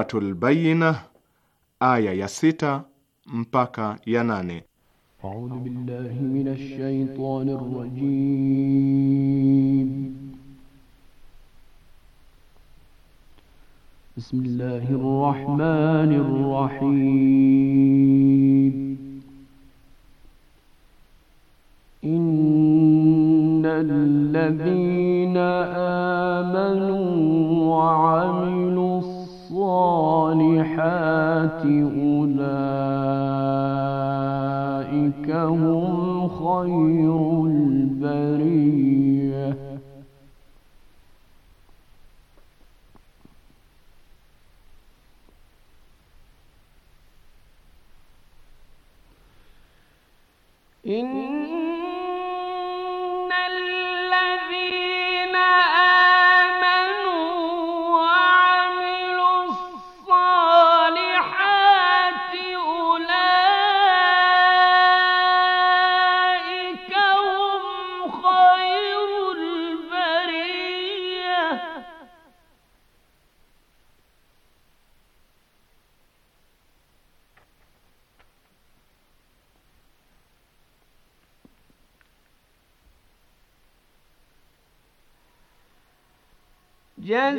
Suratul Bayyina aya ya sita mpaka ya nane. A'udhu billahi minash shaitanir rajim. Bismillahir rahmanir rahim 云。जल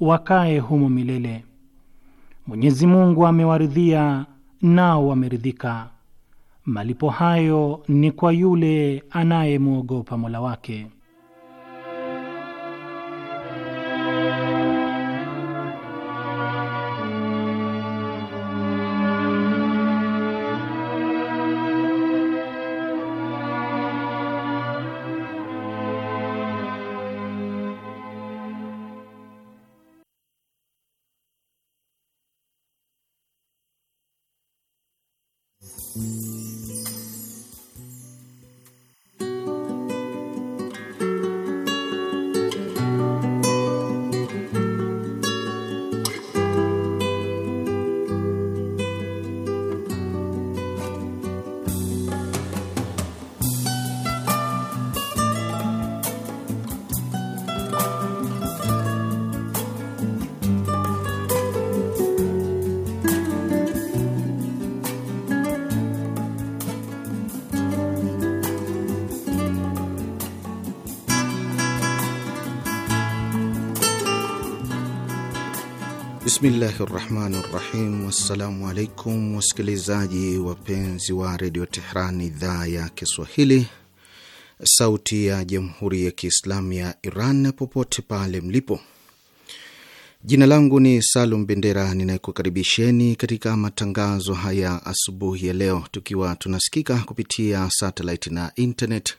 wakae humo milele. Mwenyezi Mungu amewaridhia nao wameridhika. Malipo hayo ni kwa yule anayemwogopa Mola wake. Bismillahi rahmani rahim. Wassalamu alaikum wasikilizaji wapenzi wa redio Tehran, idhaa ya Kiswahili, sauti ya jamhuri ya Kiislamu ya Iran, popote pale mlipo. Jina langu ni Salum Bendera, ninayekukaribisheni katika matangazo haya asubuhi ya leo, tukiwa tunasikika kupitia satelit na internet.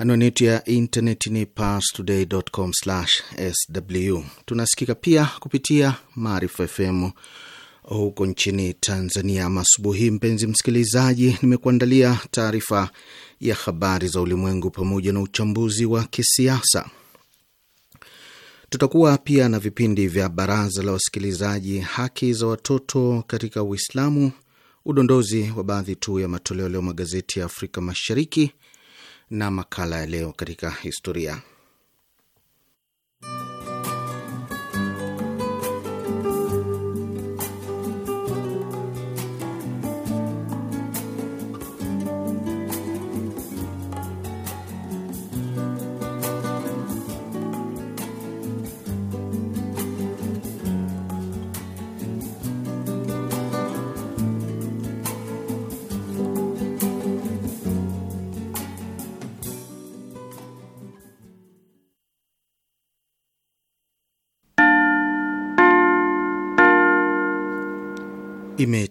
Anwani yetu ya intaneti ni parstoday.com/sw. Tunasikika pia kupitia Maarifa FM huko nchini Tanzania. masubuhi mpenzi msikilizaji, nimekuandalia taarifa ya habari za ulimwengu pamoja na uchambuzi wa kisiasa. Tutakuwa pia na vipindi vya baraza la wasikilizaji, haki za watoto katika Uislamu, udondozi wa baadhi tu ya matoleo leo magazeti ya Afrika Mashariki na makala ya leo katika historia.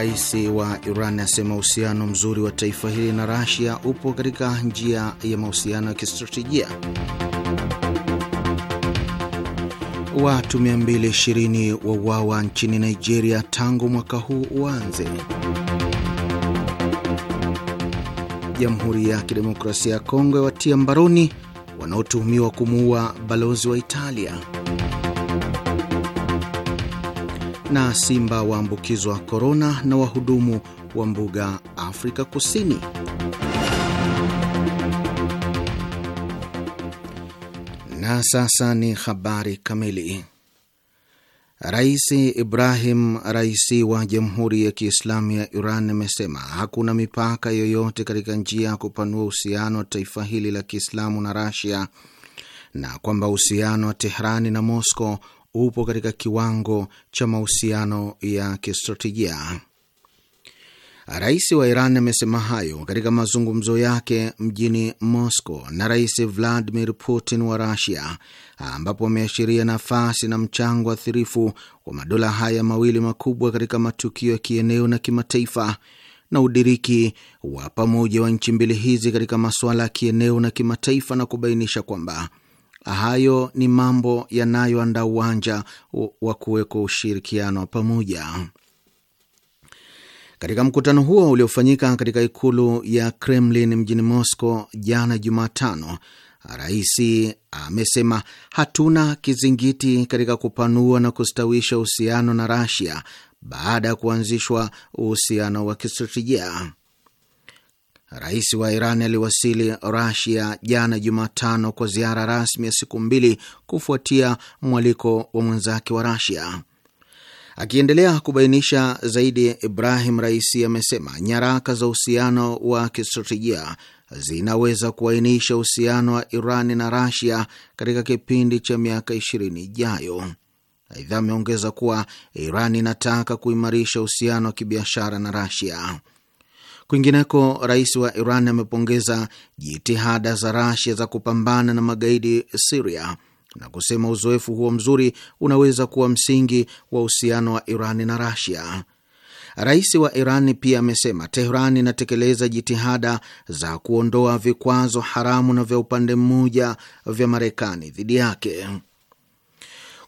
Rais wa Iran asema uhusiano mzuri wa taifa hili na Rasia upo katika njia ya mahusiano ya kistratejia. Watu 220 wauawa nchini Nigeria tangu mwaka huu uanze. Jamhuri ya Kidemokrasia ya Kongo yawatia mbaroni wanaotuhumiwa kumuua balozi wa Italia na simba waambukizwa korona na wahudumu wa mbuga Afrika Kusini. Na sasa ni habari kamili. Rais Ibrahim Raisi wa Jamhuri ya Kiislamu ya Iran amesema hakuna mipaka yoyote katika njia ya kupanua uhusiano wa taifa hili la Kiislamu na Rasia na kwamba uhusiano wa Tehrani na Moscow upo katika kiwango cha mahusiano ya kistratejia. Rais wa Iran amesema hayo katika mazungumzo yake mjini Moscow na Rais Vladimir Putin wa Rusia, ambapo ameashiria nafasi na mchango athirifu wa madola haya mawili makubwa katika matukio ya kieneo na kimataifa na udiriki wa pamoja wa nchi mbili hizi katika masuala ya kieneo na kimataifa, na kubainisha kwamba Hayo ni mambo yanayoandaa uwanja wa kuwekwa ushirikiano pamoja. Katika mkutano huo uliofanyika katika ikulu ya Kremlin mjini Moscow jana Jumatano, rais amesema hatuna kizingiti katika kupanua na kustawisha uhusiano na Rasia baada ya kuanzishwa uhusiano wa kistratejia. Rais wa Iran aliwasili Rasia jana Jumatano kwa ziara rasmi ya siku mbili kufuatia mwaliko wa mwenzake wa Rasia. Akiendelea kubainisha zaidi, Ibrahim Raisi amesema nyaraka za uhusiano wa kistratejia zinaweza kuainisha uhusiano wa Iran na Rasia katika kipindi cha miaka ishirini ijayo. Aidha, ameongeza kuwa Iran inataka kuimarisha uhusiano wa kibiashara na Rasia. Kwingineko, rais wa Iran amepongeza jitihada za Rasia za kupambana na magaidi Siria na kusema uzoefu huo mzuri unaweza kuwa msingi wa uhusiano wa Iran na Rasia. Rais wa Iran pia amesema Tehran inatekeleza jitihada za kuondoa vikwazo haramu na vya upande mmoja vya Marekani dhidi yake.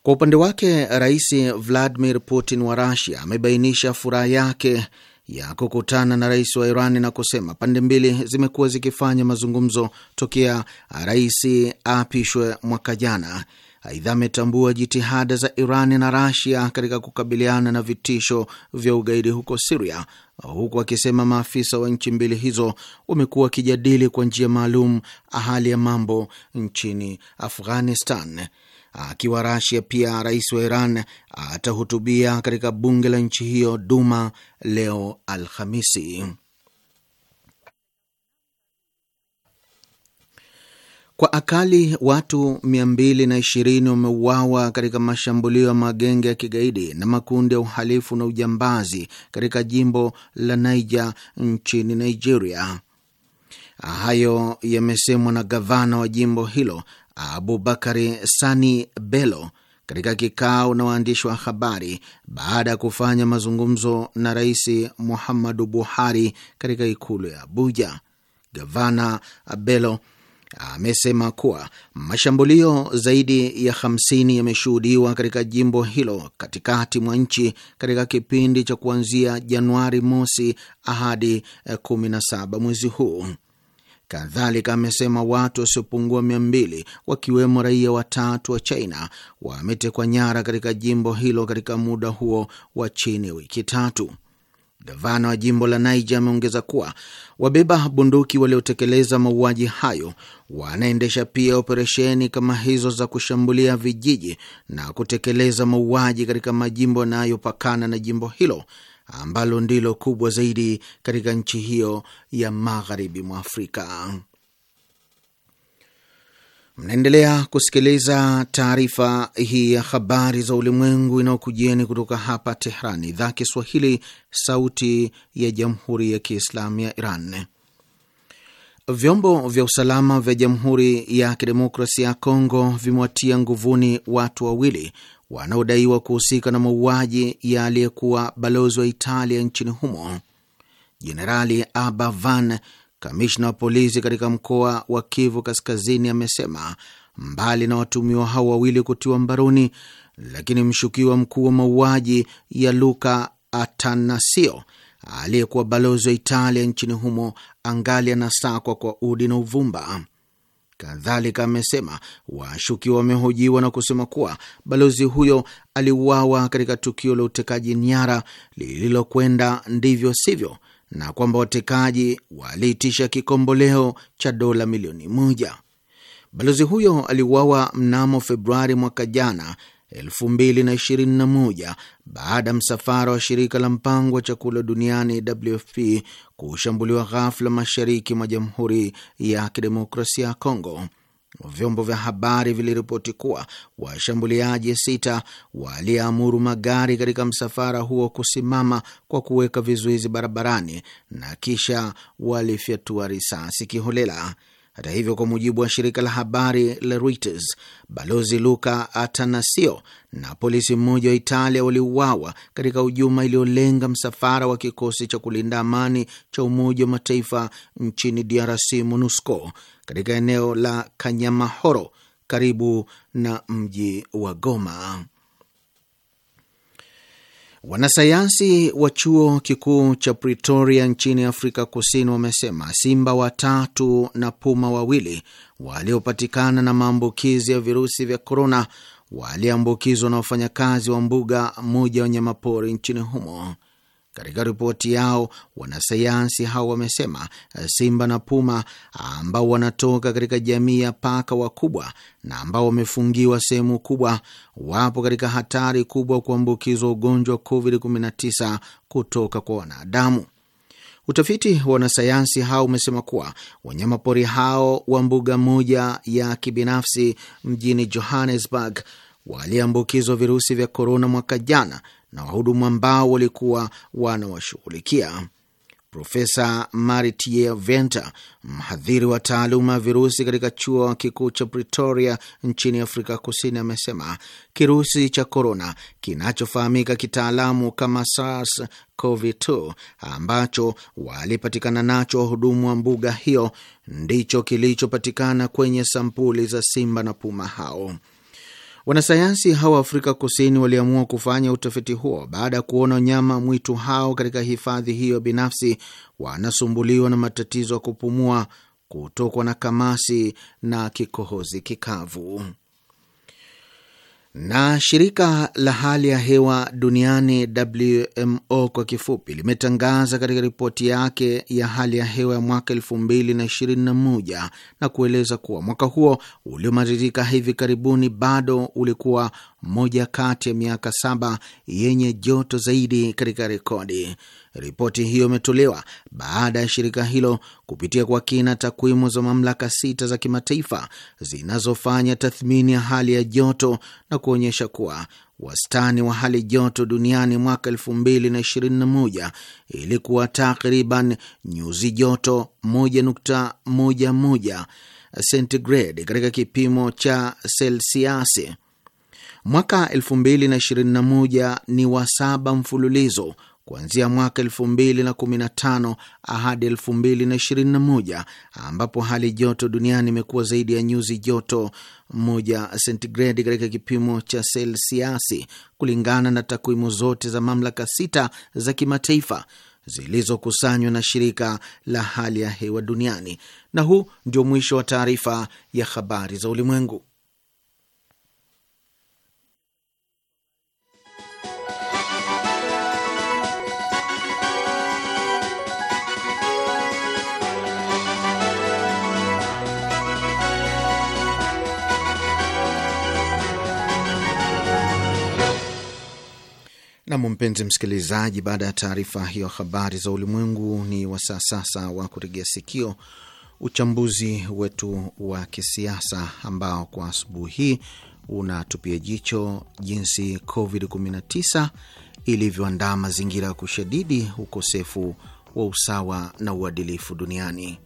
Kwa upande wake, Rais Vladimir Putin wa Rasia amebainisha furaha yake ya kukutana na rais wa Iran na kusema pande mbili zimekuwa zikifanya mazungumzo tokea rais aapishwe mwaka jana. Aidha, ametambua jitihada za Iran na Rasia katika kukabiliana na vitisho vya ugaidi huko Siria, huku akisema maafisa wa nchi mbili hizo wamekuwa wakijadili kwa njia maalum hali ya mambo nchini Afghanistan akiwa Rasia. Pia rais wa Iran atahutubia katika bunge la nchi hiyo Duma leo Alhamisi. Kwa akali watu 220 wameuawa katika mashambulio ya magenge ya kigaidi na makundi ya uhalifu na ujambazi katika jimbo la Niger nchini Nigeria. Hayo yamesemwa na gavana wa jimbo hilo Abubakari Sani Bello katika kikao na waandishi wa habari baada ya kufanya mazungumzo na Rais Muhammadu Buhari katika ikulu ya Abuja. Gavana Bello amesema kuwa mashambulio zaidi ya 50 yameshuhudiwa katika jimbo hilo katikati mwa nchi katika kipindi cha kuanzia Januari mosi hadi 17 mwezi huu. Kadhalika amesema watu wasiopungua mia mbili wakiwemo raia watatu wa China wametekwa nyara katika jimbo hilo katika muda huo wa chini ya wiki tatu. Gavana wa jimbo la Niger ameongeza kuwa wabeba bunduki waliotekeleza mauaji hayo wanaendesha pia operesheni kama hizo za kushambulia vijiji na kutekeleza mauaji katika majimbo yanayopakana na jimbo hilo ambalo ndilo kubwa zaidi katika nchi hiyo ya magharibi mwa Afrika. Mnaendelea kusikiliza taarifa hii ya habari za ulimwengu inayokujieni kutoka hapa Tehran, idhaa Kiswahili, sauti ya jamhuri ya kiislamu ya Iran. Vyombo vya usalama vya Jamhuri ya Kidemokrasia ya Kongo vimewatia nguvuni watu wawili wanaodaiwa kuhusika na mauaji ya aliyekuwa balozi wa Italia nchini humo, Jenerali aba van kamishna wa polisi katika mkoa wa Kivu Kaskazini, amesema mbali na watumiwa hao wawili kutiwa mbaroni, lakini mshukiwa mkuu wa mauaji ya Luka Atanasio aliyekuwa balozi wa Italia nchini humo angali anasakwa kwa udi na uvumba. Kadhalika amesema washukiwa wamehojiwa na kusema kuwa balozi huyo aliuawa katika tukio la utekaji nyara lililokwenda ndivyo sivyo, na kwamba watekaji waliitisha kikomboleo cha dola milioni moja. Balozi huyo aliuawa mnamo Februari mwaka jana 2021 baada ya msafara wa shirika la mpango wa chakula duniani WFP kushambuliwa ghafla mashariki mwa Jamhuri ya Kidemokrasia ya Kongo. Vyombo vya habari viliripoti kuwa washambuliaji sita waliamuru magari katika msafara huo kusimama kwa kuweka vizuizi barabarani na kisha walifyatua risasi kiholela. Hata hivyo, kwa mujibu wa shirika la habari la Reuters, balozi Luka Atanasio na polisi mmoja wa Italia waliuawa katika hujuma iliyolenga msafara wa kikosi cha kulinda amani cha Umoja wa Mataifa nchini DRC, MONUSCO, katika eneo la Kanyamahoro karibu na mji wa Goma. Wanasayansi wa chuo kikuu cha Pretoria nchini Afrika Kusini wamesema simba watatu na puma wawili waliopatikana na maambukizi ya virusi vya korona waliambukizwa na wafanyakazi wa mbuga moja ya wanyamapori nchini humo. Katika ripoti yao, wanasayansi hao wamesema eh, simba na puma ambao wanatoka katika jamii ya paka wakubwa na ambao wamefungiwa sehemu kubwa, wapo katika hatari kubwa kuambukizwa ugonjwa wa COVID-19 kutoka kwa wanadamu. Utafiti wa wanasayansi hao umesema kuwa wanyamapori hao wa mbuga moja ya kibinafsi mjini Johannesburg waliambukizwa virusi vya korona mwaka jana na wahudumu ambao walikuwa wanawashughulikia. Profesa Maritie Venter, mhadhiri wa taaluma ya virusi katika chuo kikuu cha Pretoria nchini Afrika Kusini, amesema kirusi cha korona kinachofahamika kitaalamu kama SARS CoV2 ambacho walipatikana nacho wahudumu wa mbuga hiyo ndicho kilichopatikana kwenye sampuli za simba na puma hao. Wanasayansi hawa Afrika Kusini waliamua kufanya utafiti huo baada ya kuona nyama mwitu hao katika hifadhi hiyo binafsi wanasumbuliwa na matatizo ya kupumua, kutokwa na kamasi na kikohozi kikavu. Na shirika la hali ya hewa duniani WMO kwa kifupi limetangaza katika ripoti yake ya hali ya hewa ya mwaka elfu na na na kueleza kuwa mwaka huo uliomaririka hivi karibuni bado ulikuwa moja kati ya miaka saba yenye joto zaidi katika rekodi. Ripoti hiyo imetolewa baada ya shirika hilo kupitia kwa kina takwimu za mamlaka sita za kimataifa zinazofanya tathmini ya hali ya joto na kuonyesha kuwa wastani wa hali joto duniani mwaka 2021 ilikuwa takriban nyuzi joto 1.11 sentigredi katika kipimo cha selsiasi. Mwaka 2021 ni wa saba mfululizo kuanzia mwaka 215 hadi 221 ambapo hali joto duniani imekuwa zaidi ya nyuzi joto moja sentigredi katika kipimo cha selsiasi kulingana na takwimu zote za mamlaka sita za kimataifa zilizokusanywa na shirika la hali ya hewa duniani. Na huu ndio mwisho wa taarifa ya habari za ulimwengu. Nam, mpenzi msikilizaji, baada ya taarifa hiyo habari za ulimwengu, ni wasaa sasa wa kuregea sikio uchambuzi wetu wa kisiasa ambao kwa asubuhi hii unatupia jicho jinsi COVID-19 ilivyoandaa mazingira ya kushadidi ukosefu wa usawa na uadilifu duniani.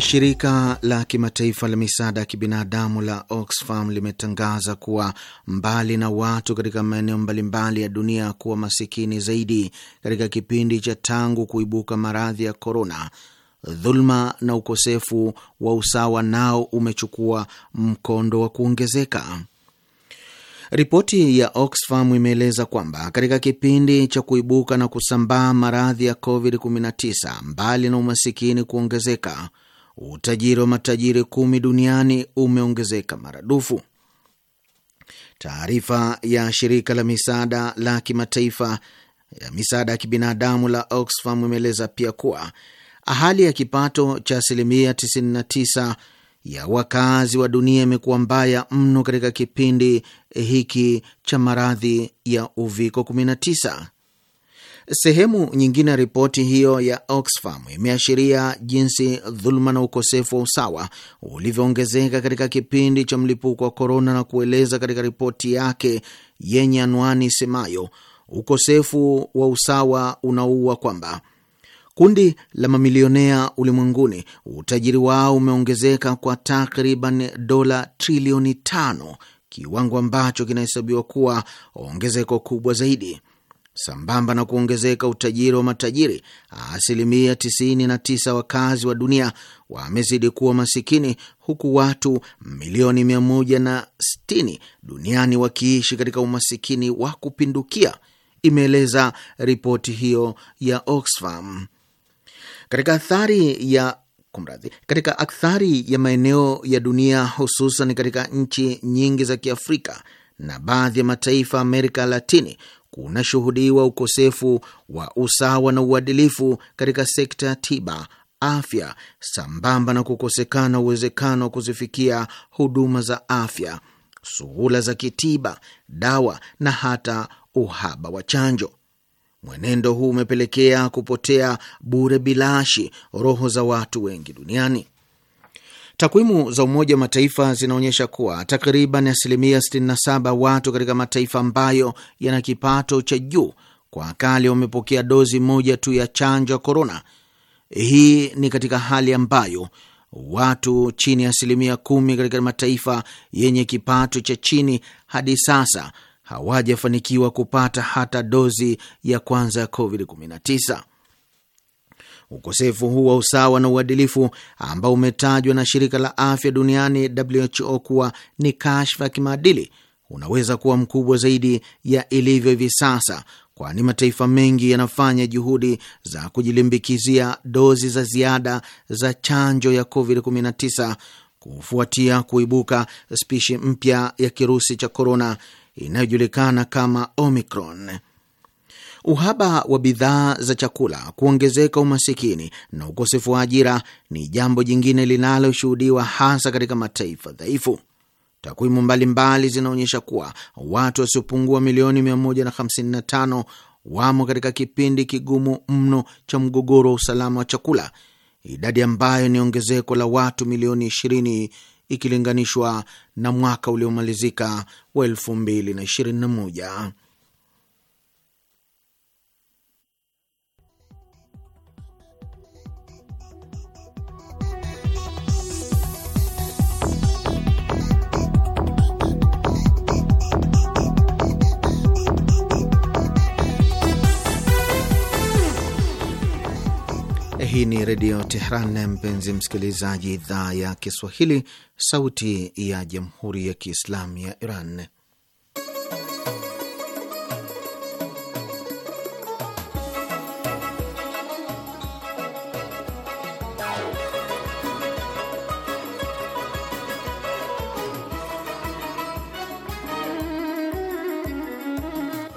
Shirika la kimataifa la misaada ya kibinadamu la Oxfam limetangaza kuwa mbali na watu katika maeneo mbalimbali ya dunia kuwa masikini zaidi katika kipindi cha tangu kuibuka maradhi ya korona, dhuluma na ukosefu wa usawa nao umechukua mkondo wa kuongezeka. Ripoti ya Oxfam imeeleza kwamba katika kipindi cha kuibuka na kusambaa maradhi ya COVID-19, mbali na umasikini kuongezeka utajiri wa matajiri kumi duniani umeongezeka maradufu. Taarifa ya shirika la misaada la kimataifa ya misaada ya kibinadamu la Oxfam imeeleza pia kuwa hali ya kipato cha asilimia 99 ya wakazi wa dunia imekuwa mbaya mno katika kipindi hiki cha maradhi ya uviko 19. Sehemu nyingine ya ripoti hiyo ya Oxfam imeashiria jinsi dhuluma na ukosefu wa usawa ulivyoongezeka katika kipindi cha mlipuko wa korona, na kueleza katika ripoti yake yenye anwani semayo ukosefu wa usawa unaua kwamba kundi la mamilionea ulimwenguni utajiri wao umeongezeka kwa takriban dola trilioni tano, kiwango ambacho kinahesabiwa kuwa ongezeko kubwa zaidi. Sambamba na kuongezeka utajiri wa matajiri, asilimia 99 wakazi wa dunia wamezidi kuwa masikini, huku watu milioni 160 duniani wakiishi katika umasikini wa kupindukia, imeeleza ripoti hiyo ya Oxfam. Katika athari ya Kumradhi, katika akthari ya maeneo ya dunia hususan katika nchi nyingi za Kiafrika na baadhi ya mataifa Amerika Latini, kunashuhudiwa ukosefu wa usawa na uadilifu katika sekta ya tiba afya, sambamba na kukosekana uwezekano wa kuzifikia huduma za afya, suhula za kitiba, dawa na hata uhaba wa chanjo. Mwenendo huu umepelekea kupotea bure bilashi roho za watu wengi duniani. Takwimu za Umoja wa Mataifa zinaonyesha kuwa takriban asilimia 67 watu katika mataifa ambayo yana kipato cha juu kwa akali wamepokea dozi moja tu ya chanjo ya korona. Hii ni katika hali ambayo watu chini ya asilimia kumi katika mataifa yenye kipato cha chini hadi sasa hawajafanikiwa kupata hata dozi ya kwanza ya COVID-19. Ukosefu huu wa usawa na uadilifu ambao umetajwa na shirika la afya duniani WHO kuwa ni kashfa ya kimaadili unaweza kuwa mkubwa zaidi ya ilivyo hivi sasa, kwani mataifa mengi yanafanya juhudi za kujilimbikizia dozi za ziada za chanjo ya COVID-19 kufuatia kuibuka spishi mpya ya kirusi cha korona inayojulikana kama Omicron. Uhaba wa bidhaa za chakula, kuongezeka umasikini na ukosefu wa ajira ni jambo jingine linaloshuhudiwa hasa katika mataifa dhaifu. Takwimu mbalimbali zinaonyesha kuwa watu wasiopungua milioni 155 wamo katika kipindi kigumu mno cha mgogoro wa usalama wa chakula, idadi ambayo ni ongezeko la watu milioni 20 ikilinganishwa na mwaka uliomalizika wa 2021. Hii ni Redio Tehran, mpenzi msikilizaji, idhaa ya Kiswahili, sauti ya Jamhuri ya Kiislamu ya Iran.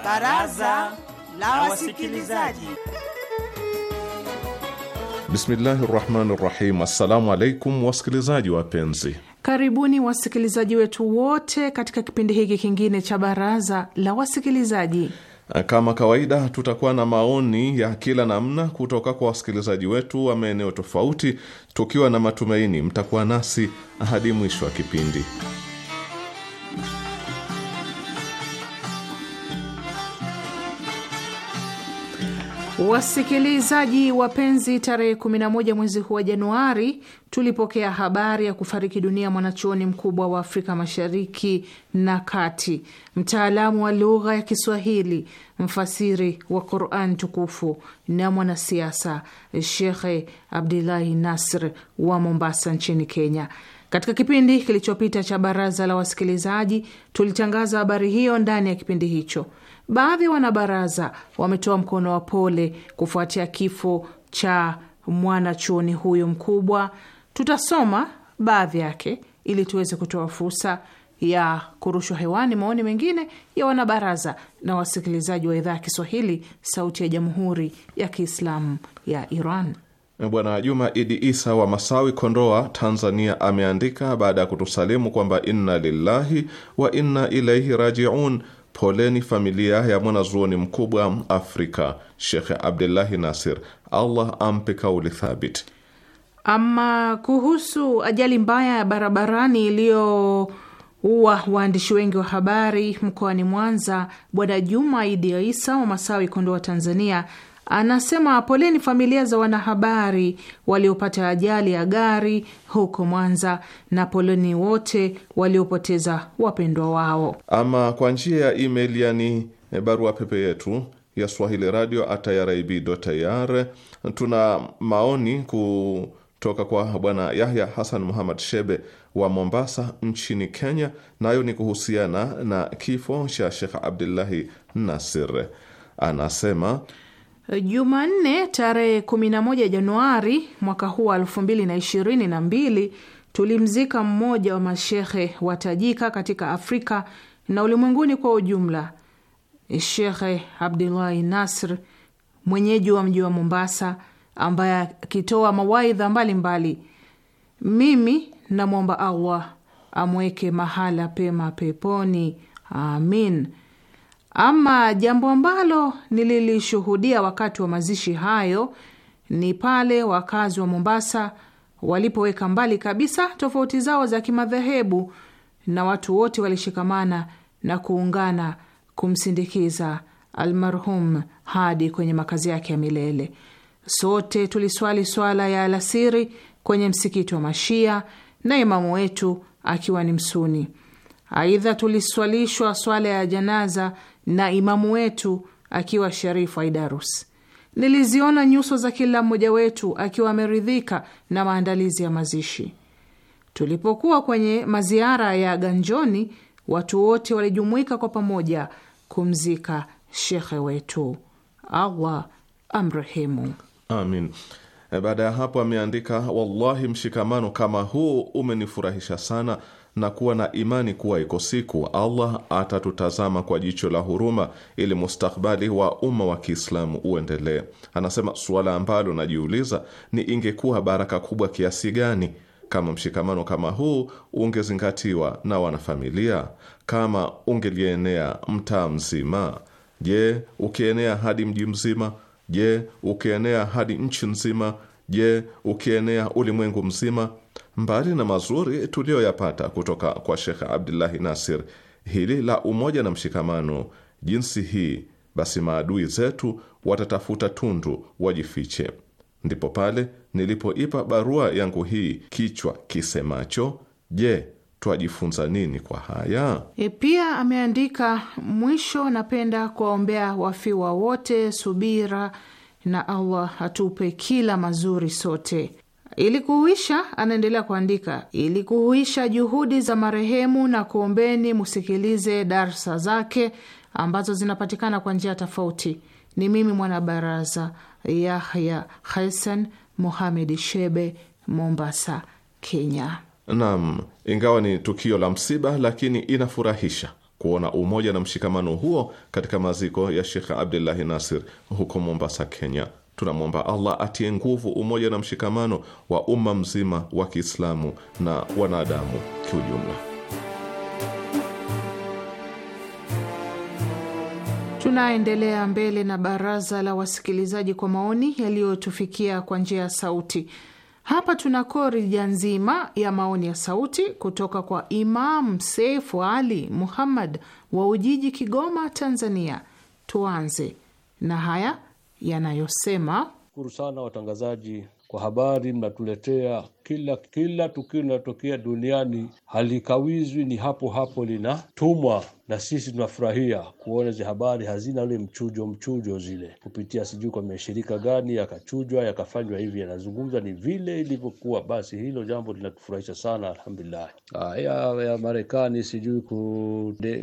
Baraza la Wasikilizaji. Bismillahi rahmani rahim. Assalamu alaikum wasikilizaji wapenzi, karibuni wasikilizaji wetu wote katika kipindi hiki kingine cha baraza la wasikilizaji. Kama kawaida, tutakuwa na maoni ya kila namna kutoka kwa wasikilizaji wetu wa maeneo tofauti, tukiwa na matumaini mtakuwa nasi hadi mwisho wa kipindi. Wasikilizaji wapenzi, tarehe 11 mwezi huu wa Januari tulipokea habari ya kufariki dunia mwanachuoni mkubwa wa Afrika Mashariki na Kati, mtaalamu wa lugha ya Kiswahili, mfasiri wa Quran tukufu na mwanasiasa, Shekhe Abdullahi Nasr wa Mombasa nchini Kenya. Katika kipindi kilichopita cha baraza la wasikilizaji tulitangaza habari hiyo ndani ya kipindi hicho. Baadhi ya wanabaraza wametoa mkono wa pole kufuatia kifo cha mwanachuoni huyo mkubwa. Tutasoma baadhi yake ili tuweze kutoa fursa ya kurushwa hewani maoni mengine ya wanabaraza na wasikilizaji wa idhaa ya Kiswahili, Sauti ya Jamhuri ya Kiislamu ya Iran. Bwana Juma Idi Isa wa Masawi, Kondoa, Tanzania, ameandika baada ya kutusalimu kwamba inna lillahi wa inna ilaihi rajiun poleni familia ya mwanazuoni mkubwa Afrika Shekhe Abdullahi Nasir, Allah ampe kauli thabit. Ama kuhusu ajali mbaya ya barabarani iliyoua waandishi wengi wa habari mkoani Mwanza, Bwana Juma Idi Isa wa Masawi, Kondoa, Tanzania Anasema poleni familia za wanahabari waliopata ajali ya gari huko Mwanza, na poleni wote waliopoteza wapendwa wao. Ama kwa njia ya email, yani eh, barua pepe yetu ya Swahili radio atirib.ir, tuna maoni kutoka kwa bwana Yahya Hasan Muhammad Shebe wa Mombasa nchini Kenya, nayo ni kuhusiana na kifo cha Shekh Abdullahi Nasir. Anasema Jumanne tarehe 11 Januari mwaka huu wa elfu na ishirini mbili tulimzika mmoja wa mashehe watajika katika Afrika na ulimwenguni kwa ujumla, Shekhe Abdullahi Nasr, mwenyeji wa mji wa Mombasa, ambaye akitoa mawaidha mbalimbali. Mimi namwomba Allah amweke mahala pema peponi, amin. Ama jambo ambalo nililishuhudia wakati wa mazishi hayo ni pale wakazi wa Mombasa walipoweka mbali kabisa tofauti zao za kimadhehebu na watu wote walishikamana na kuungana kumsindikiza almarhum hadi kwenye makazi yake ya milele. Sote tuliswali swala ya alasiri kwenye msikiti wa Mashia na imamu wetu akiwa ni Msuni. Aidha, tuliswalishwa swala ya janaza na imamu wetu akiwa Sharifu Aidarus. Niliziona nyuso za kila mmoja wetu akiwa ameridhika na maandalizi ya mazishi. Tulipokuwa kwenye maziara ya Ganjoni, watu wote walijumuika kwa pamoja kumzika shekhe wetu. Allah amrehemu, amin. E, baada ya hapo ameandika, wallahi mshikamano kama huu umenifurahisha sana na kuwa na imani kuwa iko siku Allah atatutazama kwa jicho la huruma ili mustakbali wa umma wa Kiislamu uendelee. Anasema suala ambalo najiuliza ni ingekuwa baraka kubwa kiasi gani kama mshikamano kama huu ungezingatiwa na wanafamilia, kama ungelienea mtaa mzima. Je, ukienea hadi mji mzima? Je, ukienea hadi nchi nzima? Je, ukienea ulimwengu mzima? Mbali na mazuri tuliyoyapata kutoka kwa shekha Abdullahi Nasir, hili la umoja na mshikamano jinsi hii, basi maadui zetu watatafuta tundu wajifiche. Ndipo pale nilipoipa barua yangu hii kichwa kisemacho, Je, twajifunza nini kwa haya? E, pia ameandika mwisho, napenda kuwaombea wafiwa wote subira, na Allah atupe kila mazuri sote. Ili kuhuisha, anaendelea kuandika, ili kuhuisha juhudi za marehemu na kuombeni musikilize darsa zake ambazo zinapatikana kwa njia tofauti. Ni mimi mwanabaraza Yahya Hasan Mohamed Shebe, Mombasa, Kenya. Naam, ingawa ni tukio la msiba, lakini inafurahisha kuona umoja na mshikamano huo katika maziko ya Shekh Abdullahi Nasir huko Mombasa, Kenya. Tunamwomba Allah atie nguvu umoja na mshikamano wa umma mzima wa Kiislamu na wanadamu kiujumla. Tunaendelea mbele na baraza la wasikilizaji kwa maoni yaliyotufikia kwa njia ya sauti. Hapa tuna korija nzima ya maoni ya sauti kutoka kwa Imam Seifu Ali Muhammad wa Ujiji, Kigoma, Tanzania. Tuanze na haya yanayosema shukuru sana watangazaji kwa habari mnatuletea kila kila tukio linalotokea duniani halikawizwi, ni hapo hapo linatumwa, na sisi tunafurahia kuona hizi habari hazina ule mchujo mchujo, zile kupitia sijui kwa mashirika gani yakachujwa yakafanywa hivi, yanazungumza ni vile ilivyokuwa. Basi hilo jambo linatufurahisha sana, alhamdulillah. Ah, ya Marekani sijui ku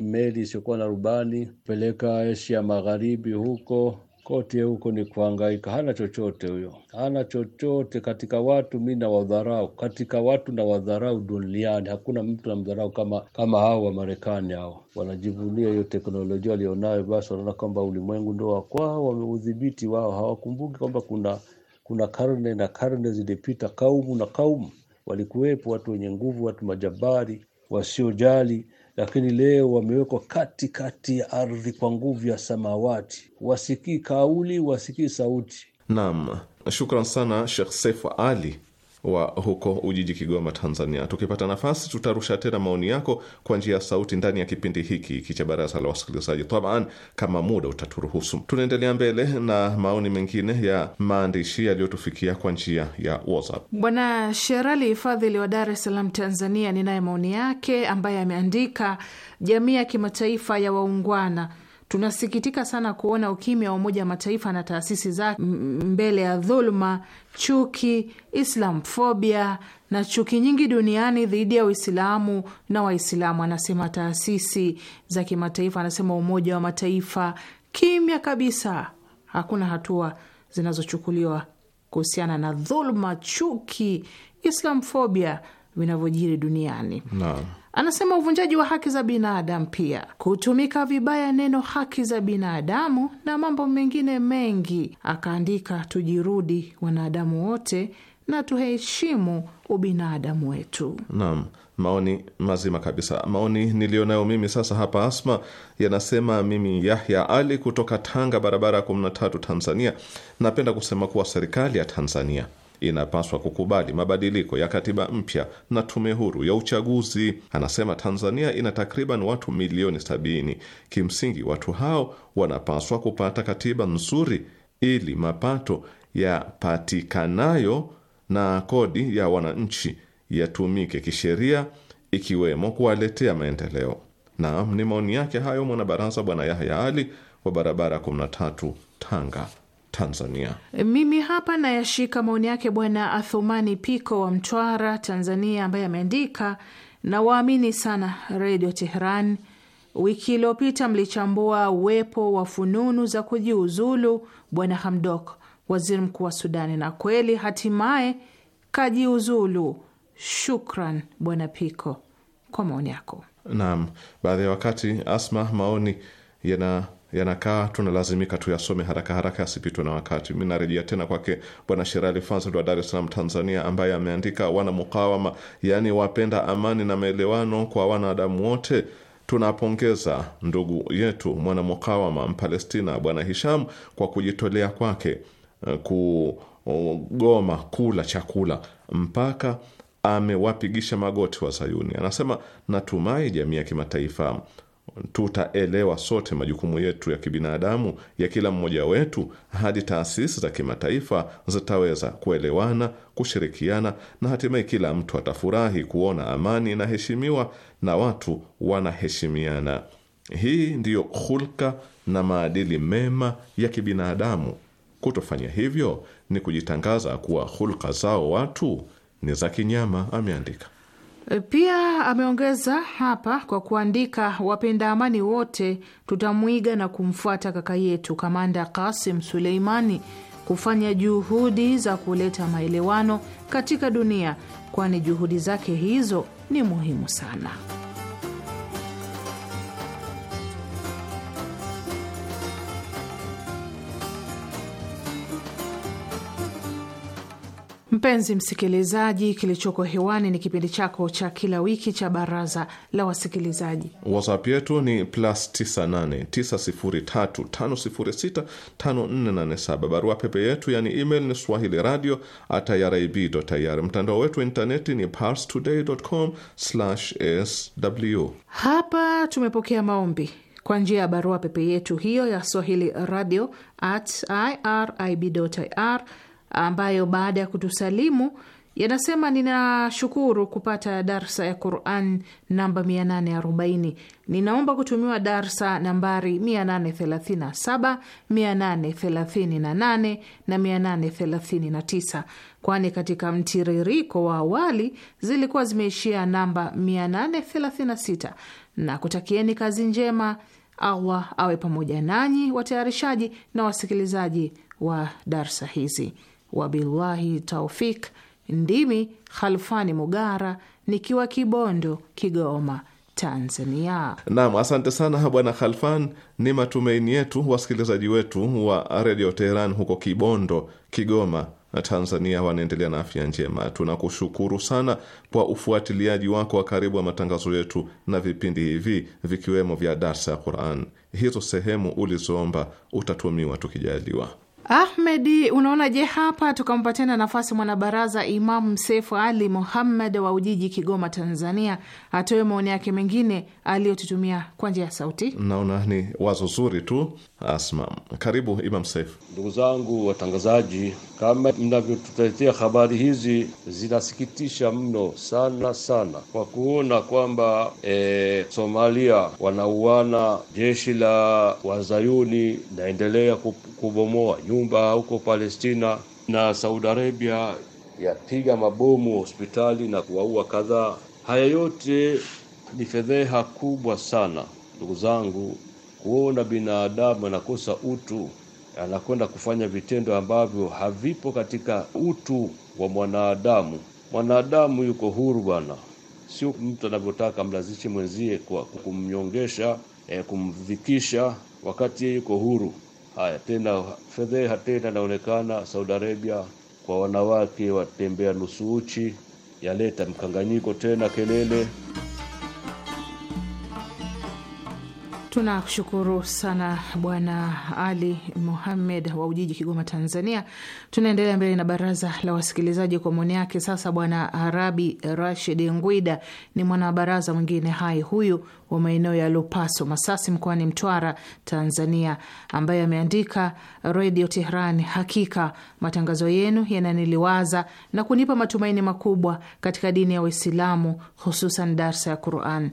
meli isiyokuwa na rubani kupeleka Asia Magharibi huko kote huko ni kuhangaika, hana chochote huyo, hana chochote katika watu. Mi na wadharau katika watu na wadharau duniani, hakuna mtu na mdharau kama kama hao wa Marekani. Hao wanajivunia hiyo teknolojia walionayo, basi wanaona kwamba ulimwengu ndo wa kwao, wameudhibiti wao. Hawakumbuki kwamba kuna kuna karne na karne zilipita, kaumu na kaumu walikuwepo watu wenye nguvu, watu majabari wasiojali lakini leo wamewekwa katikati ya ardhi kwa nguvu ya samawati, wasikii kauli, wasikii sauti. Naam, shukran sana Shekh Sefu Ali wa huko Ujiji, Kigoma, Tanzania. Tukipata nafasi, tutarusha tena maoni yako kwa njia ya sauti ndani ya kipindi hiki kicha Baraza la Wasikilizaji taban, kama muda utaturuhusu. Tunaendelea mbele na maoni mengine ya maandishi yaliyotufikia kwa njia ya WhatsApp. Bwana Sherali Fadhili wa Dar es Salaam, Tanzania, ninaye maoni yake ambaye ameandika, jamii ya kimataifa ya waungwana Tunasikitika sana kuona ukimya wa Umoja wa Mataifa na taasisi zake mbele ya dhuluma, chuki, islamfobia na chuki nyingi duniani dhidi ya Uislamu na Waislamu, anasema taasisi za kimataifa, anasema Umoja wa Mataifa. Kimya kabisa, hakuna hatua zinazochukuliwa kuhusiana na dhuluma, chuki, islamfobia vinavyojiri duniani no. Anasema uvunjaji wa haki za binadamu pia kutumika vibaya neno haki za binadamu na mambo mengine mengi. Akaandika, tujirudi wanadamu wote na tuheshimu ubinadamu wetu. Naam, maoni mazima kabisa. Maoni niliyonayo mimi sasa hapa Asma yanasema, mimi Yahya Ali kutoka Tanga, barabara ya kumi na tatu, Tanzania. Napenda kusema kuwa serikali ya Tanzania inapaswa kukubali mabadiliko ya katiba mpya na tume huru ya uchaguzi. Anasema Tanzania ina takriban watu milioni sabini. Kimsingi watu hao wanapaswa kupata katiba nzuri ili mapato yapatikanayo na kodi ya wananchi yatumike kisheria, ikiwemo kuwaletea maendeleo. Naam, ni maoni yake hayo mwanabaraza Bwana Yahya Ali wa barabara 13 Tanga, Tanzania. E, mimi hapa nayashika maoni yake Bwana Athumani Piko wa Mtwara, Tanzania, ambaye ameandika na waamini sana Redio Teheran. Wiki iliyopita mlichambua uwepo wa fununu za kujiuzulu Bwana Hamdok, waziri mkuu wa Sudani, na kweli hatimaye kajiuzulu. Shukran Bwana Piko kwa maoni yako. Naam, baadhi ya wakati Asma, maoni yana yanakaa tunalazimika tuyasome haraka haraka yasipitwe na wakati. Mi narejea tena kwake Bwana Sherali Fazl wa Dar es Salaam, Tanzania, ambaye ameandika wana mukawama, yaani wapenda amani na maelewano kwa wanadamu wote. Tunapongeza ndugu yetu mwana mukawama Mpalestina Bwana Hisham kwa kujitolea kwake eh, kugoma kula chakula mpaka amewapigisha magoti wa Sayuni. Anasema natumai jamii ya kimataifa tutaelewa sote majukumu yetu ya kibinadamu ya kila mmoja wetu hadi taasisi za kimataifa zitaweza kuelewana, kushirikiana na hatimaye kila mtu atafurahi kuona amani inaheshimiwa na watu wanaheshimiana. Hii ndiyo hulka na maadili mema ya kibinadamu. Kutofanya hivyo ni kujitangaza kuwa hulka zao watu ni za kinyama, ameandika. E, pia ameongeza hapa kwa kuandika, wapenda amani wote tutamwiga na kumfuata kaka yetu Kamanda Kasim Suleimani kufanya juhudi za kuleta maelewano katika dunia, kwani juhudi zake hizo ni muhimu sana. Mpenzi msikilizaji, kilichoko hewani ni kipindi chako cha kila wiki cha baraza la wasikilizaji. WhatsApp yetu ni plus 989035065487. Barua pepe yetu yani email ni swahili radio at irib.ir. Mtandao wetu wa intaneti ni parstoday.com/sw. Hapa tumepokea maombi kwa njia ya barua pepe yetu hiyo ya swahili radio at irib.ir ambayo baada ya kutusalimu yanasema ninashukuru kupata darsa ya Quran namba 840. Ninaomba kutumiwa darsa nambari 837, 838 na 839, kwani katika mtiririko wa awali zilikuwa zimeishia namba 836. Na kutakieni kazi njema. Allah awe pamoja nanyi watayarishaji na wasikilizaji wa darsa hizi. Wabillahi taufik. Ndimi Khalfani Mugara nikiwa Kibondo, Kigoma, Tanzania. Naam, asante sana bwana Khalfan. Ni matumaini yetu wasikilizaji wetu wa redio Teheran huko Kibondo, Kigoma, Tanzania wanaendelea na afya njema. Tunakushukuru sana kwa ufuatiliaji wako wa karibu wa matangazo yetu na vipindi hivi vikiwemo vya darsa ya Quran. Hizo sehemu ulizoomba utatumiwa tukijaliwa. Ahmedi, unaona je, hapa tukampatiana nafasi mwanabaraza Imamu Sefu Ali Muhammad wa Ujiji, Kigoma, Tanzania, atoe maoni yake mengine aliyotutumia kwa njia ya sauti. Naona ni wazo zuri tu. Asma, karibu Imam Sefu. Ndugu zangu watangazaji kama mnavyotutetea habari hizi zinasikitisha mno sana sana, kwa kuona kwamba e, Somalia wanauana, jeshi la wazayuni naendelea kubomoa nyumba huko Palestina, na Saudi Arabia yapiga mabomu hospitali na kuwaua kadhaa. Haya yote ni fedheha kubwa sana, ndugu zangu, kuona binadamu anakosa utu anakwenda kufanya vitendo ambavyo havipo katika utu wa mwanadamu. Mwanadamu yuko huru bwana, sio mtu anavyotaka mlazishi mwenzie kwa kumnyongesha, eh, kumvikisha wakati yeye yuko huru. Haya tena fedheha tena inaonekana Saudi Arabia kwa wanawake watembea nusu uchi, yaleta mkanganyiko tena kelele. Tunakushukuru sana Bwana Ali Muhammed wa Ujiji, Kigoma, Tanzania. Tunaendelea mbele na baraza la wasikilizaji kwa maoni yake. Sasa Bwana Arabi Rashid Ngwida ni mwanabaraza mwingine hai huyu wa maeneo ya Lupaso, Masasi, mkoani Mtwara, Tanzania, ambaye ameandika: Redio Tehran, hakika matangazo yenu yananiliwaza na kunipa matumaini makubwa katika dini ya Uislamu, hususan darsa ya Quran.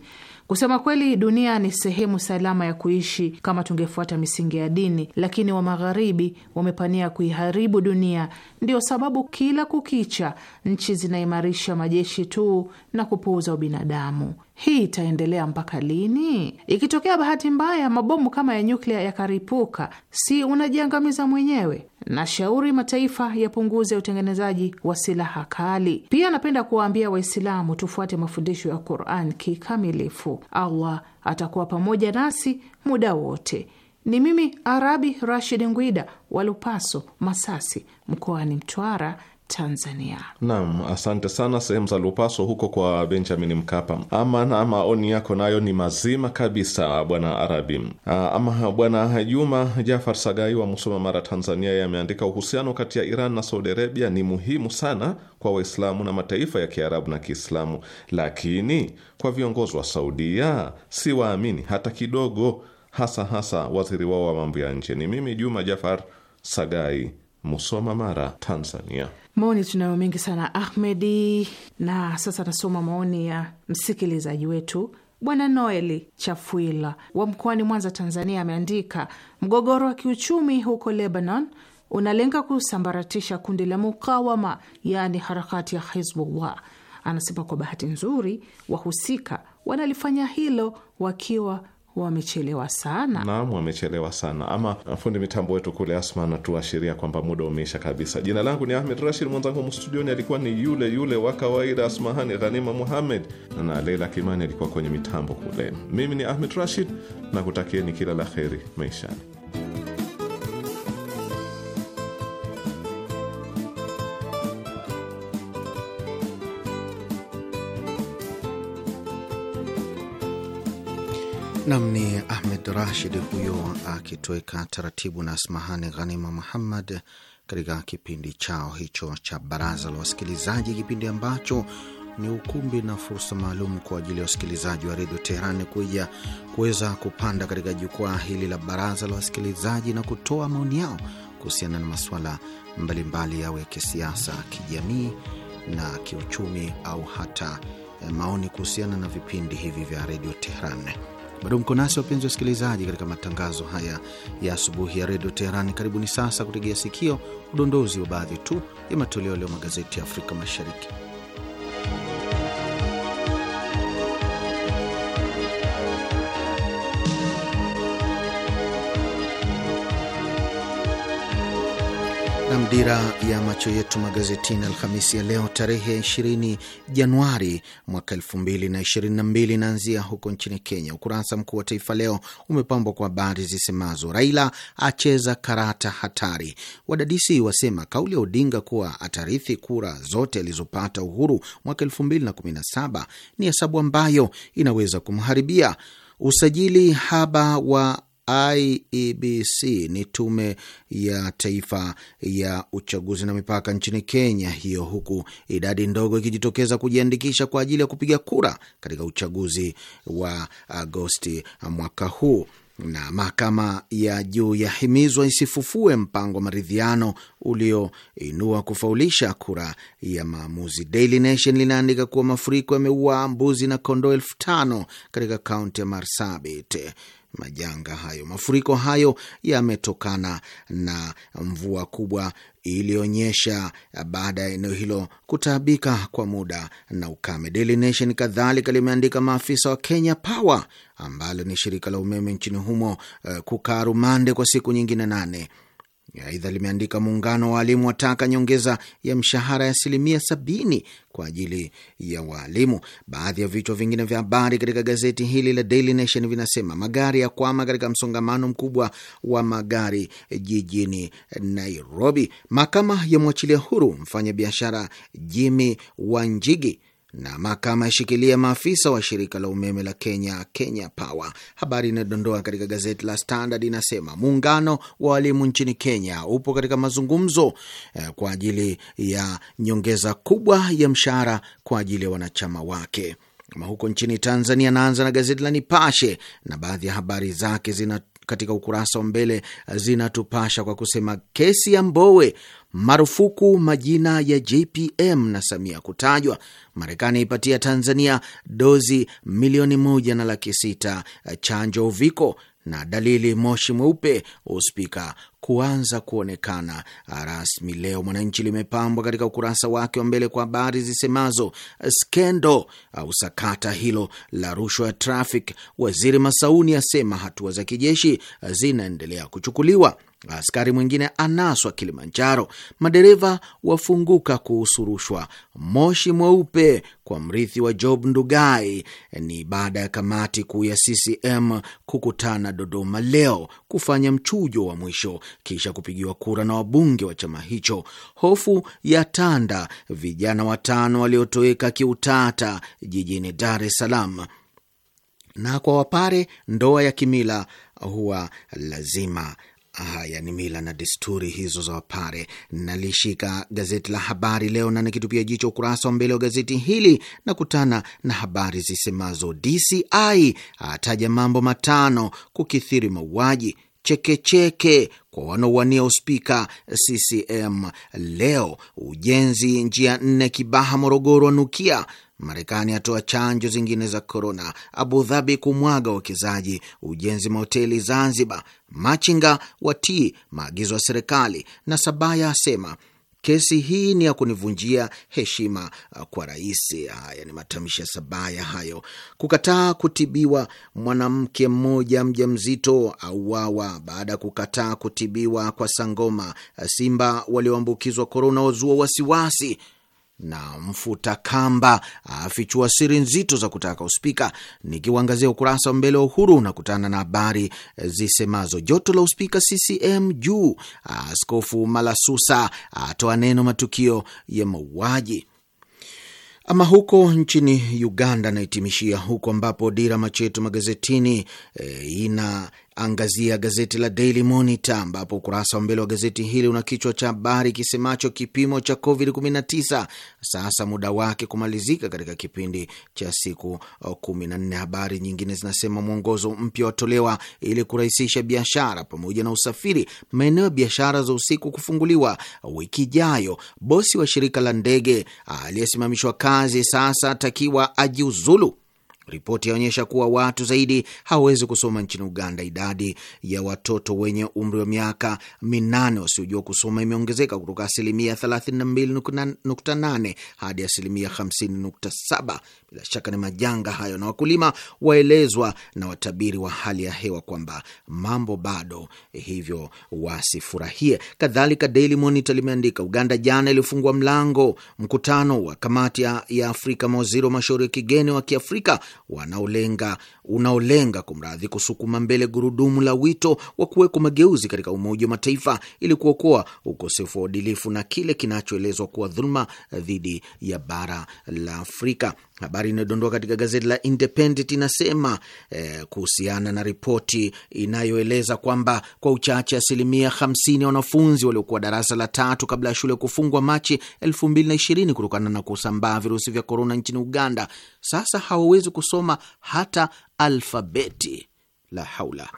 Kusema kweli, dunia ni sehemu salama ya kuishi kama tungefuata misingi ya dini, lakini wa magharibi wamepania kuiharibu dunia. Ndio sababu kila kukicha nchi zinaimarisha majeshi tu na kupuuza ubinadamu. Hii itaendelea mpaka lini? Ikitokea bahati mbaya mabomu kama ya nyuklia yakaripuka, si unajiangamiza mwenyewe? Nashauri mataifa yapunguze utengenezaji wa silaha kali. Pia napenda kuwaambia Waislamu tufuate mafundisho ya Quran kikamilifu. Allah atakuwa pamoja nasi muda wote. Ni mimi Arabi Rashid Ngwida wa Lupaso, Masasi, mkoani Mtwara. Tanzania. Naam, asante sana sehemu za Lupaso huko kwa Benjamin Mkapa. Ama na maoni yako nayo ni mazima kabisa, bwana Arabi. Ah, ama bwana Juma Jafar Sagai wa Musoma, Mara, Tanzania, yameandika uhusiano kati ya Iran na Saudi Arabia ni muhimu sana kwa Waislamu na mataifa ya Kiarabu na Kiislamu, lakini kwa viongozi wa Saudia si waamini hata kidogo, hasa hasa waziri wao wa mambo ya nje. Ni mimi Juma Jafar Sagai Musoma, Mara, Tanzania. Maoni tunayo mengi sana Ahmedi, na sasa nasoma maoni ya msikilizaji wetu Bwana Noeli Chafuila wa mkoani Mwanza, Tanzania. Ameandika, mgogoro wa kiuchumi huko Lebanon unalenga kusambaratisha kundi la mukawama, yaani harakati ya Hizbullah. Anasema kwa bahati nzuri, wahusika wanalifanya hilo wakiwa wamechelewa sana. Naam, wamechelewa sana. Ama uh, fundi mitambo wetu kule Asma anatuashiria kwamba muda umeisha kabisa. Jina langu ni Ahmed Rashid, mwenzangu mstudioni alikuwa ni yule yule wa kawaida Asmahani Ghanima Muhammed, na Leila Kimani alikuwa kwenye mitambo kule. Mimi ni Ahmed Rashid na kutakieni kila la kheri maishani. Nam ni Ahmed Rashid huyo akitoweka taratibu na Asmahani Ghanima Muhammad katika kipindi chao hicho cha Baraza la Wasikilizaji, kipindi ambacho ni ukumbi na fursa maalum kwa ajili ya wasikilizaji wa redio teheran kuja kuweza kupanda katika jukwaa hili la baraza la wasikilizaji na kutoa maoni yao kuhusiana na masuala mbalimbali yao ya kisiasa, kijamii na kiuchumi, au hata eh, maoni kuhusiana na vipindi hivi vya redio Teheran. Bado mko nasi wapenzi wasikilizaji, katika matangazo haya ya asubuhi ya redio Teherani. Karibuni sasa kutegea sikio udondozi wa baadhi tu ya matoleo leo magazeti ya Afrika Mashariki. Nam dira ya macho yetu magazetini Alhamisi ya leo tarehe 20 Januari mwaka 2022 inaanzia huko nchini Kenya. Ukurasa mkuu wa Taifa Leo umepambwa kwa habari zisemazo Raila acheza karata hatari, wadadisi wasema kauli ya Odinga kuwa atarithi kura zote alizopata Uhuru mwaka 2017 ni hesabu ambayo inaweza kumharibia. Usajili haba wa IEBC ni tume ya taifa ya uchaguzi na mipaka nchini Kenya hiyo, huku idadi ndogo ikijitokeza kujiandikisha kwa ajili ya kupiga kura katika uchaguzi wa Agosti mwaka huu. Na mahakama ya juu yahimizwa isifufue mpango wa maridhiano ulioinua kufaulisha kura ya maamuzi. Daily Nation linaandika kuwa mafuriko yameua mbuzi na kondoo elfu tano katika kaunti ya Marsabit. Majanga hayo, mafuriko hayo yametokana na mvua kubwa iliyonyesha baada ya eneo hilo kutaabika kwa muda na ukame. Daily Nation kadhalika limeandika maafisa wa Kenya Power ambalo ni shirika la umeme nchini humo eh, kukaa rumande kwa siku nyingine nane Aidha limeandika muungano wa waalimu wataka nyongeza ya mshahara ya asilimia sabini kwa ajili ya waalimu. Baadhi ya vichwa vingine vya habari katika gazeti hili la Daily Nation vinasema magari ya kwama katika msongamano mkubwa wa magari jijini Nairobi. Mahakama yamwachilia huru mfanya biashara Jimmy Wanjigi na mahakama yashikilia maafisa wa shirika la umeme la Kenya, Kenya Power. Habari inayodondoa katika gazeti la Standard inasema muungano wa walimu nchini Kenya upo katika mazungumzo eh, kwa ajili ya nyongeza kubwa ya mshahara kwa ajili ya wanachama wake. Kama huko nchini Tanzania, naanza na gazeti la Nipashe na baadhi ya habari zake zina katika ukurasa wa mbele eh, zinatupasha kwa kusema kesi ya Mbowe, marufuku majina ya JPM na Samia kutajwa. Marekani ipatia Tanzania dozi milioni moja na laki sita eh, chanjo uviko na dalili moshi mweupe uspika kuanza kuonekana rasmi leo. Mwananchi limepambwa katika ukurasa wake wa mbele kwa habari zisemazo skendo au sakata hilo la rushwa ya trafic, waziri Masauni asema hatua za kijeshi zinaendelea kuchukuliwa Askari mwingine anaswa Kilimanjaro. Madereva wafunguka kuhusu rushwa. Moshi mweupe kwa mrithi wa Job Ndugai ni baada ya kamati kuu ya CCM kukutana Dodoma leo kufanya mchujo wa mwisho kisha kupigiwa kura na wabunge wa chama hicho. Hofu ya tanda vijana watano waliotoweka kiutata jijini Dar es Salaam. Na kwa Wapare ndoa ya kimila huwa lazima Haya ni mila na desturi hizo za Wapare. Nalishika gazeti la Habari Leo na nikitupia jicho ukurasa wa mbele wa gazeti hili na kutana na habari zisemazo: DCI ataja mambo matano kukithiri mauaji, chekecheke kwa wanaowania uspika CCM leo, ujenzi njia nne Kibaha Morogoro wanukia Marekani atoa chanjo zingine za korona. Abu Dhabi kumwaga uwekezaji. Ujenzi mahoteli Zanzibar. Machinga watii maagizo ya serikali. Na Sabaya asema kesi hii ni ya kunivunjia heshima kwa rais. Haya ni matamshi ya Sabaya hayo. Kukataa kutibiwa: mwanamke mmoja mja mzito auawa baada ya kukataa kutibiwa kwa sangoma. Simba walioambukizwa korona wazua wasiwasi na mfuta kamba afichua siri nzito za kutaka uspika. Nikiuangazia ukurasa wa mbele wa Uhuru nakutana na habari zisemazo joto la uspika CCM juu, Askofu Malasusa atoa neno matukio ya mauaji. Ama huko nchini Uganda, nahitimishia huko ambapo dira machetu magazetini e, ina angazia gazeti la Daily Monitor ambapo ukurasa wa mbele wa gazeti hili una kichwa cha habari kisemacho kipimo cha COVID-19 sasa muda wake kumalizika katika kipindi cha siku uh, kumi na nne. Habari nyingine zinasema mwongozo mpya watolewa ili kurahisisha biashara pamoja na usafiri, maeneo ya biashara za usiku kufunguliwa wiki ijayo. Bosi wa shirika la ndege aliyesimamishwa kazi sasa atakiwa ajiuzulu Ripoti yaonyesha kuwa watu zaidi hawawezi kusoma nchini Uganda. Idadi ya watoto wenye umri wa miaka minane wasiojua kusoma imeongezeka kutoka asilimia 32.8 hadi asilimia 50.7 bila shaka ni majanga hayo, na wakulima waelezwa na watabiri wa hali ya hewa kwamba mambo bado hivyo, wasifurahie. Kadhalika, Daily Monitor limeandika Uganda jana ilifungua mlango mkutano wa kamati ya Afrika mawaziri wa mashauri ya kigeni wa Kiafrika wanaolenga unaolenga kumradhi, kusukuma mbele gurudumu la wito wa kuwekwa mageuzi katika Umoja wa Mataifa ili kuokoa ukosefu wa uadilifu na kile kinachoelezwa kuwa dhuluma dhidi ya bara la Afrika. Habari inayodondoka katika gazeti la Independent inasema eh, kuhusiana na ripoti inayoeleza kwamba kwa uchache asilimia 50 ya wanafunzi waliokuwa darasa la tatu kabla ya shule kufungwa Machi 2020 kutokana na kusambaa virusi vya korona nchini Uganda sasa hawawezi kusoma hata alfabeti. La haula.